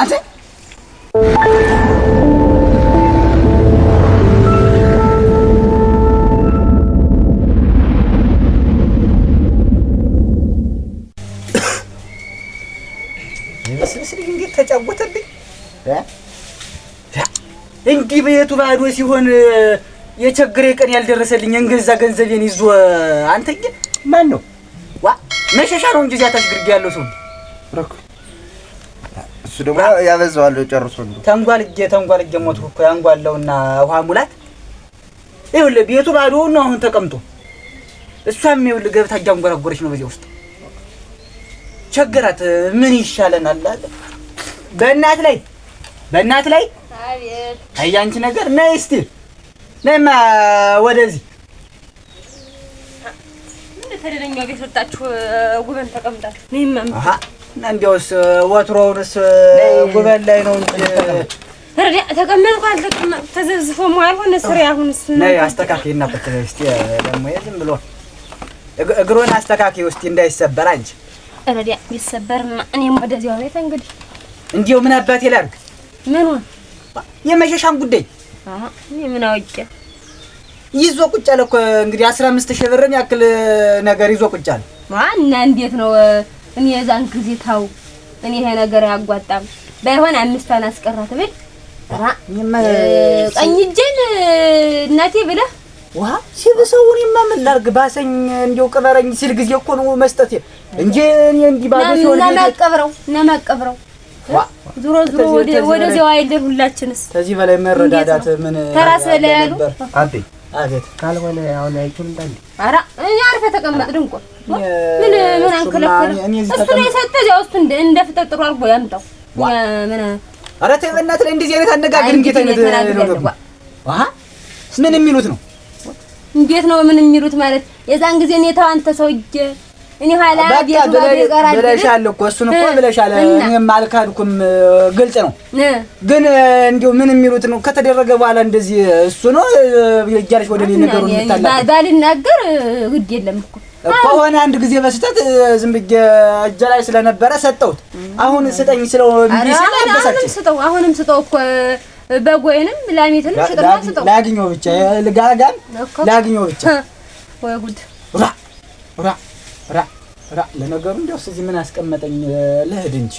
አንተ ስልክ እንዴት ተጫወተብኝ? እንዲህ በየቱ ባዶ ሲሆን የቸግሬ ቀን ያልደረሰልኝ እንገዛ ገንዘቤን ይዞ አንተ ማን ነው ዋ መሸሻ ነው እንጂ እዚያ ታች ግርጌ ያለው ሰው ረኩ እሱ ደግሞ ያበዛዋል ጨርሶ። እንደው ተንጓልጌ ተንጓልጌ ሞትኩ እኮ ያንጓለውና ውሃ ሙላት። ይኸውልህ ቤቱ ባዶ ነው አሁን ተቀምጦ፣ እሷም ይኸውልህ ገብታ እያንጎራጎረች ነው። በዚህ ውስጥ ቸገራት። ምን ይሻለናል? አለ በእናት ላይ በእናት ላይ አይ አንቺ ነገር ነይ እስቲ ነይማ ወደዚህ ተደለኛ ቤት ወጣችሁ ጉበን ተቀምጣችሁ እና እንዲያውስ ወትሮውንስ ጉበል ላይ ነው እንጂ ተቀመጥኩ አልተቀመጥኩ ብሎ እግሩን አስተካክይ ውስጥ እንዳይሰበር አንቺ ረዲያ ይሰበርና እኔም ወደዚያው ቤት እንግዲህ እንዲሁ ምን አባቴ ላድርግ ምኑን የመሸሻን ጉዳይ ምን አውቄ ይዞ ቁጭ አለ እኮ እንግዲህ አስራ አምስት ሺህ ብርን ያክል ነገር ይዞ ቁጭ አለ ማና እንዴት ነው እኔ የዛን ጊዜ ታው እኔ ይሄ ነገር አያጓጣም። ባይሆን አምስቷን አስቀራት ብል ቀኝ እጄን እናቴ ብለ ውሃ ሲብሰው እኔማ ምን ላድርግ ባሰኝ እንዲያው ቅበረኝ ሲል ጊዜ እኮ ነው መስጠት እንጂ እኔ እንዲህ ባዶ ነው እና ማቀብረው ነው ማቀብረው ዙሮ ዙሮ ወደዚያው አይደል ሁላችንስ ከዚህ በላይ መረዳዳት ምን ተራስ በላይ ያሉ አቤት አቤት ካልሆነ አሁን አይችልም። እንዳንዴ አራ እኛ አርፈ ተቀመጥ ድንቆ ምን ምን አንከለከለ? እሱ ነው የሰጠህ። ያው እሱ እንደ እንደ ፍጥር ጥሩ ያምጣው። ምን ኧረ ተይ በእናትህ እንደዚህ አይነት አነጋገር እንዴት አይነት ነው? ምን የሚሉት ነው? እንዴት ነው ምን የሚሉት ማለት? የዛን ጊዜ እኔ ተው አንተ ሰውዬ እኔ ኋላ ቤቱ ይቀራል ብለሻል እኮ እሱን እኮ ብለሻል። እኔም አልካድኩም፣ ግልጽ ነው። ግን እንዲያው ምን የሚሉት ነው ከተደረገ በኋላ እንደዚህ እሱ ነው እያለሽ ወደ እኔ ነገሩን የምታላቀው ባልናገር ግድ የለም እኮ ከሆነ አንድ ጊዜ በስተት ዝም ብዬ እጄ ላይ ስለነበረ ሰጠሁት። አሁን ስጠኝ ስለው ቢቢ አሁንም ስጠው አሁንም ስጠው እኮ በጎይንም ላሚትንም ሽጥና ስጠው። ላግኘው ብቻ ልጋጋም ላግኘው ብቻ። ወይ ጉድ! ራ ራ ራ ራ። ለነገሩ እንዲያውስ እዚህ ምን አስቀመጠኝ? ልሂድ እንጂ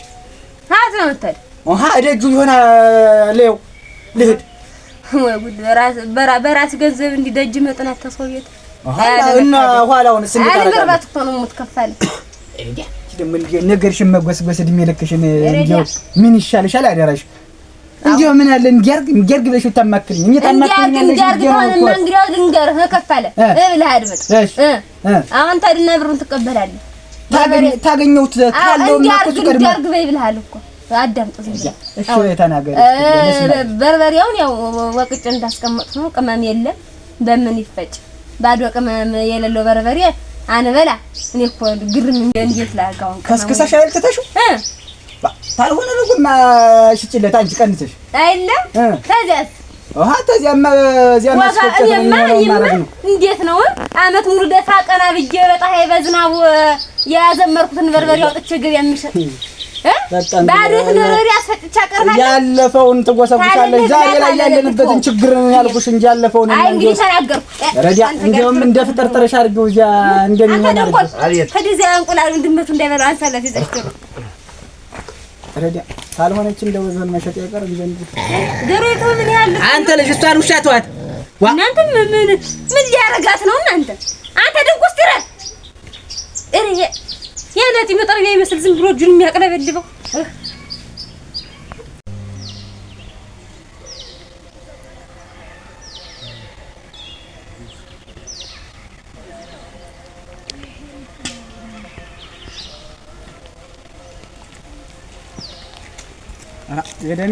አት ነው ተል ውሃ እደጁ የሆነ ሌው ልሂድ። ወይ ጉድ! በራስ ገንዘብ እንዲህ ደጅ መጥናት ተሰውየት እና ኋላውን እኮ ነው ነገርሽን መጎስጎስ እድሜ ልክሽን እንደው ምን ይሻልሻል? አደራሽ እንደው ምን አለ እንዲያርግ እንዲያርግ ብለሽ ታማክሪኝ እኔ ታማክሪኝ እንዲያርግ ሆነና እንግዲያው ልንገርህ አሁን ታድና ብሩን ትቀበላለህ። ካለው ማቆጥ እንዲያርግ በይ ብለሃል እኮ አዳምጥ እሺ፣ ተናገር። በርበሬውን ያው ወቅጭ እንዳስቀመጥ ነው። ቅመም የለም በምን ይፈጭ ባዶ ቅመም የሌለው በርበሬ አንበላ። እኔ እኮ ግርም እንዴት ላጋውን ከስክሳሽ አይደል ታልሆነ ሽጭለት አንቺ ቀንተሽ ተዚያማ እንዴት ነው አመት ሙሉ ደፋ ቀና ብዬ በጣም በዝናቡ የዘመርኩትን በርበሬ አውጥቼ ግብ የምሸጥ ያለፈውን ትጎሰጉሳለች። ዛሬ ላይ ያለንበትን ችግር ነው ያልኩሽ እንጂ ያለፈውን እንደውም እንደ ፍጥርጥርሽ አድርጊው እዚያ እንደሚሆን ካልሆነች እንደ ወዘን መሸጥ ያቀር አንተ ልጅ እሷን ውሻ ተዋት። እናንተ ምን ምን ሊያረጋት ነው እናንተ አንተ ድንቁስ ቲማቲም መጠረቢያ ይመስል ዝም ብሎ እጁን የሚያቅለበልበው። የደሜ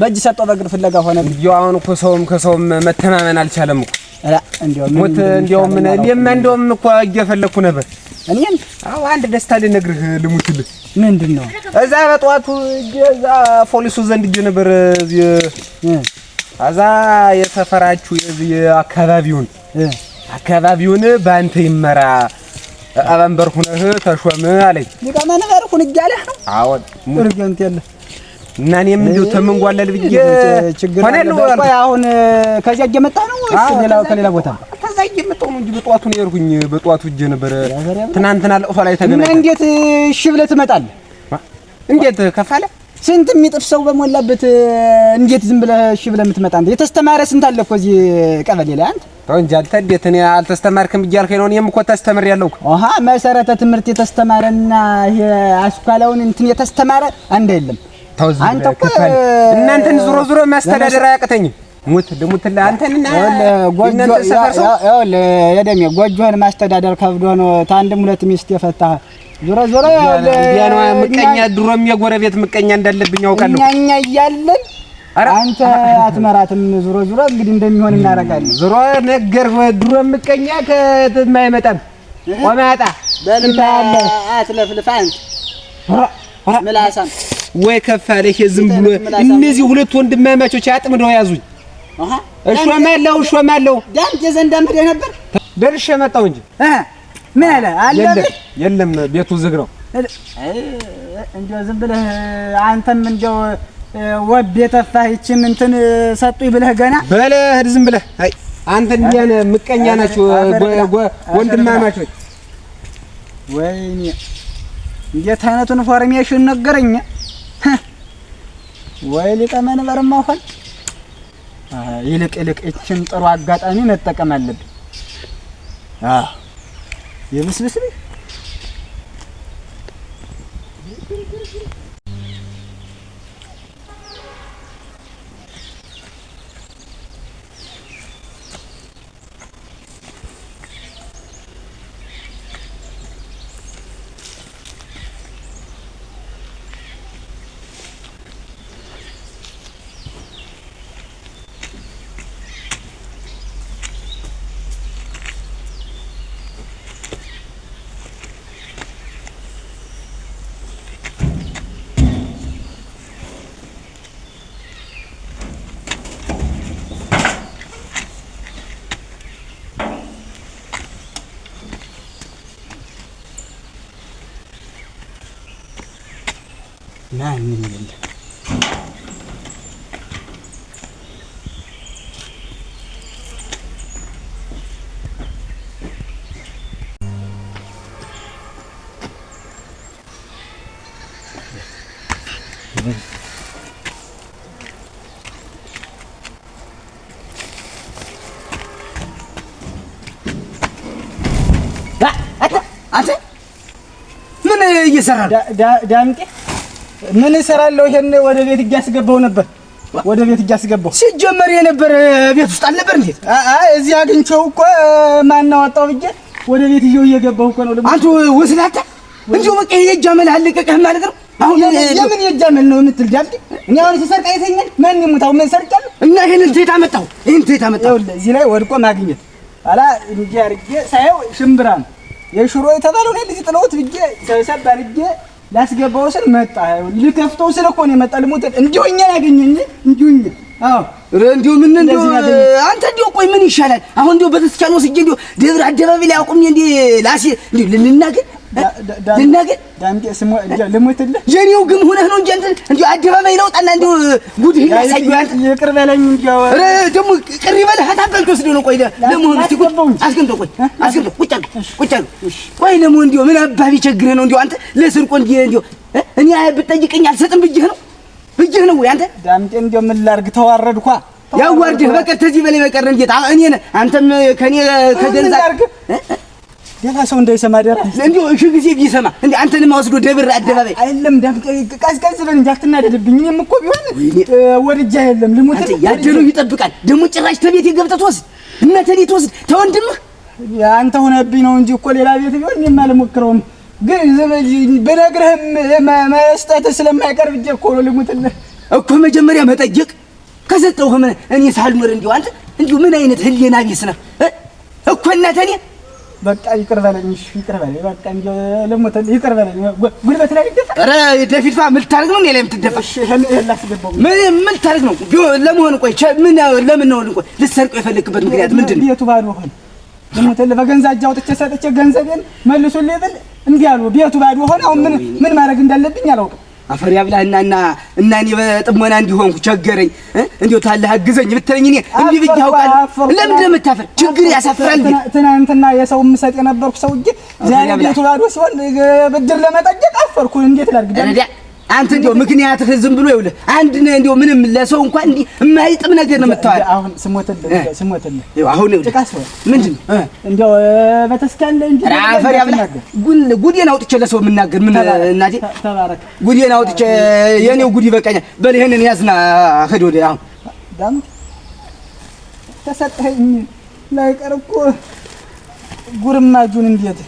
በእጅ ሰጠው በእግር ፍለጋ ሆነ። እንዲያው አሁን እኮ ሰውም ከሰውም መተማመን አልቻለም እኮ ሞት። እንዲያውም እኔማ እንዲያውም እኮ እየፈለግኩ ነበር። እኔም አዎ፣ አንድ ደስታ ልነግርህ ልሙትልህ። ምንድን ነው? እዛ በጠዋቱ እዛ ፖሊሱ ዘንድ እጄ ነበር። እዚህ እዛ የሰፈራችሁ አካባቢውን አካባቢውን በአንተ ይመራ አባንበር ሁነህ ተሾም አለኝ። ሊቀመንበር ሁን እያለህ ነው? አዎ እርገንት የለህ እና እኔም እንዲሁ ተመንጓለል ብዬ ችግር አለ። አሁን ከዚያ እየመጣ ነው ወይስ ከሌላ ቦታ? ከዛ እየመጣሁ ነው እንጂ በጠዋቱ ነው የሄድኩኝ። በጠዋቱ እጄ ነበረ ትናንትና ለቅሶ ላይ ተገናኘን። እንዴት እሺ ብለህ ትመጣለህ? እንዴት ከፋለ ስንት የሚጥፍ ሰው በሞላበት እንዴት ዝም ብለህ እሺ ብለህ የምትመጣ አንተ? የተስተማረ ስንት አለ እኮ እዚህ ቀበሌ ላይ አንተ። ተው እንጂ አንተ እንዴት እኔ አልተስተማርክም እያልከኝ ነው? እኔም እኮ ተስተምር ያለው መሰረተ ትምህርት የተስተማረና ይሄ አስኳላውን እንትን የተስተማረ አንድ አይደለም። አንተ እኮ እናንተን ዞሮ ዞሮ ማስተዳደር አያቅተኝም። ሙት ልሙት አንተንና የደሜ ጎጆህን ማስተዳደር ከብዶ ነው። ታንድም ሁለት ሚስት የፈታህ ዞሮ ዞሮ ምቀኛ ድሮም የጎረቤት ምቀኛ እንዳለብኝ አውቃለሁ። እኛ እያለን አንተ አትመራትም። ዞሮ ዞሮ እንግዲህ እንደሚሆን እናደርጋለን። ዞሮ ነገር ድሮ ምቀኛ ከትም አይመጣም። ቆማጣ በልምታ አትለፍልፍ አንተ ምላሳም ወይ ከፍ አለሽ። ዝም ብሎ እነዚህ ሁለት ወንድማማቾች አጥምደው ያዙኝ። እሾማለሁ እሾማለሁ። ዳምጤ ዘንድ አምደህ ነበር? ደርሼ መጣሁ እንጂ ምን አለ አለ የለም፣ ቤቱ ዝግ ነው። እንደው ዝም ብለህ አንተም እንደው ወድ የተፋህ ይችም እንትን ሰጡኝ ብለህ ገና በለህ ዝም ብለህ አይ አንተ እንዲያን ምቀኛ ናቸው ወንድማማቾች። ወይኔ እንዴት አይነቱን ፎርሜሽን ነገረኛ ወይ ሊቀ መንበርማ ሆን ይልቅ ይልቅ እችን ጥሩ አጋጣሚ መጠቀም አለብን። አዎ Nah ini nih guys. Ah, ada, ada, mana ya, Sarah? Da, da, da, mungkin. ምን እሰራለሁ? ይሄን ወደ ቤት እያስገባው ነበር። ወደ ቤት እያስገባው ሲጀመር የነበር ቤት ውስጥ አልነበር። እንዴት እዚህ አግኝቼው እኮ ማናወጣው ብዬ ወደ ቤት እየው እየገባው እኮ ነው። አንተ ወስላታ እንዲሁ በቃ የእጅ አመል አለቀቀህ ማለት ነው። አሁን ለምን የእጅ ነው የምትል ጃልቲ? እኔ አሁን ስሰርቅ አይተኛል። ማን ይሙታው? ምን ሰርቄያለሁ? እና ይሄን ትሄድ መጣው፣ ይሄን ትሄድ አመጣው። እዚህ ላይ ወድቆ ማግኘት አላ እንዲህ አድርጌ ሳየው ሽምብራ ነው የሽሮ የተባለው። እኔ ልጅ ጥለውት ብዬ ሰብሰብ አድርጌ ላስገባው ስል መጣ። ልከፍተው ስል እኮ ነው የመጣ ልሞት እንዲሁ እኛ ያገኘኝ እንዲሁ እኛ አዎ እንዲሁ ምን እንደው አንተ እንዲሁ ቆይ ምን ይሻላል አሁን? እንዲሁ ቤተክርስቲያን ወስጄ እንዲሁ ደብረ አደባባይ ላይ አቁሜ እንዲህ ላሴ እንዲሁ ልናገር ልሙትልህ የኔው ግም ሆነህ ነው እንጂ እንዲያው አደባባይ ለውጣና እንዲያው ጉድህ ያሳየዋል። ይቅር በለኝ እንዲያው ቅሪ ነው። ቆይ ለመሆኑ ቆይ ለመሆኑ ምን አባቢ ቸግርህ ነው አንተ ለስርቆ እኔ ብትጠይቀኝ አልሰጥም ብዬህ ነው ብዬህ ነው ወይ አንተ ዳምጤ? እንዲያው ምን ላድርግ ተዋረድኳ። ያዋርድህ በቀር ተዚህ በላይ በቀር እንዴት እኔ አንተም ከኔ ከገንዛ ሌላ ሰው እንዳይሰማ ደራ እንዲሁ እሺ ጊዜ ቢሰማ እንዴ አንተን ወስዶ ደብር አደባባይ አይደለም ዳምጤ ቀዝቀዝ ብለን እንጂ አትናደድብኝ። እኔም እኮ ቢሆን ወርጃ አይደለም ልሞት ያደሩ ይጠብቃል። ደግሞ ጭራሽ ተቤት የገብተህ ትወስድ እና ተቤት ትወስድ ተወንድምህ አንተ ሆነብኝ ነው እንጂ እኮ ሌላ ቤት ቢሆን እኔም አልሞክረውም። ግን ዘበጂ ብነግርህም መስጠትህ ስለማይቀርብ እጄ እኮ ነው ልሙትልህ እኮ መጀመሪያ መጠየቅ ከሰጠው ከሰጠሁህ እኔ ሳልኖር እንዲሁ አንተ እንዲሁ ምን አይነት ህሊና ቢስ ነህ እኮ እናት እኔ በቃ ይቅር በለኝ። እሺ ይቅር በለኝ። በቃ እንደው ለሞተ ይቅር በለኝ። ጉልበት ላይ ልደፋ። ኧረ ደፊት ፋ ምን ልታደርግ ነው? እኔ ላይ የምትደፋ ምን ምን ልታደርግ ነው? ለመሆን ቆይ ምን ለምን ነው ቆይ ልትሰርቀው የፈለክበት ምክንያት ምንድን ነው? ቤቱ ባዶ ሆነ። ለሞተ በገንዛ እጅ አውጥቼ ሰጥቼ ገንዘቤን መልሱልኝ ብል እምቢ አሉ። ቤቱ ባዶ ሆነ። አሁን ምን ምን ማድረግ እንዳለብኝ አላውቅም። አፈር ያብላህና እና እና እኔ በጥሞና እንዲሆንኩ ቸገረኝ። እንዴው ታለህ አግዘኝ ብትለኝ እኔ እንዴ ብዬ አውቃለሁ። ለምን እንደምታፈር ችግር ያሳፍራል። ትናንትና የሰው ምሰጥ የነበርኩ ሰው እጅ ዛሬ ቤቱ ባዶ ሲሆን ብድር ለመጠየቅ አፈርኩ። እንዴት ላድርግ? አንተ እንደው ምክንያትህ ዝም ብሎ ይኸውልህ፣ አንድ ነህ። እንደው ምንም ለሰው እንኳን እንዲህ የማይጥም ነገር ነው የምታወራው። አሁን ስሞትልህ ስሞትልህ፣ አሁን ይኸውልህ፣ ምንድን ነው እንደው በተስካለ እንጂ አፈር ያብላ ጉድ ጉዴን አውጥቼ ለሰው የምናገር ምን? እናቴ ተባረክ፣ ጉዴን አውጥቼ የኔው ጉድ ይበቃኛል። በል ይሄንን ያዝና ሂድ ወደ አሁን ዳም ተሰጠኝ ላይቀር እኮ ጉርማጁን እንዴት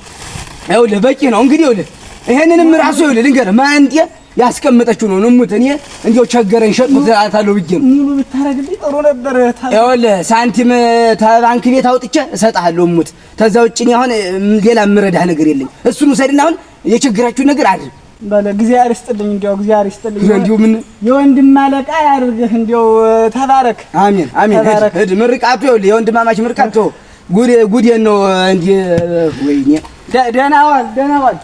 ይኸውልህ፣ በቂ ነው እንግዲህ። ይኸውልህ ይሄንንም ራሱ ይኸውልህ ልንገርህ ማንጤ ያስቀመጠችው ነው። ንሙት እኔ እንዲያው ቸገረኝ ሸጥኩት አታለው ብዬ ነው። ሙሉ ብታረግልኝ ጥሩ ነበር። ይኸውልህ ሳንቲም ተባንክ ቤት አውጥቼ እሰጥሃለሁ። ሙት ተዛ ውጭ እኔ አሁን ሌላ የምረዳህ ነገር የለኝ። እሱን ውሰድና አሁን የችግራችሁን ነገር አድርግ በለ። እግዚአብሔር ይስጥልኝ፣ እንዲያው እግዚአብሔር ይስጥልኝ። እንዲሁ ምን የወንድም አለቃ ያድርግህ። እንዲያው ተባረክ። አሜን አሜን። ሂድ ሂድ። ምርቃቱ ይኸውልህ የወንድማማች ምርቃቱ ጉድ ጉድ ነው። እንዲ ወይኔ ደህና ዋል፣ ደህና ዋል።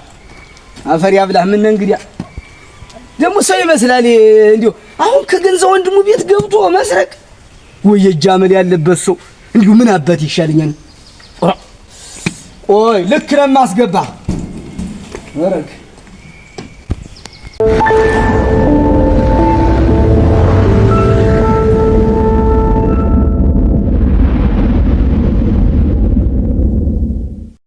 አፈር ያብላህ። ምን እንግዲያ ደግሞ ሰው ይመስላል። እንዲሁ አሁን ከገንዘብ ወንድሙ ቤት ገብቶ መስረቅ ወይ የጃመል ያለበት ሰው እንዲሁ ምን አባት ይሻለኛል? ቆይ ልክ ለማስገባ ወረክ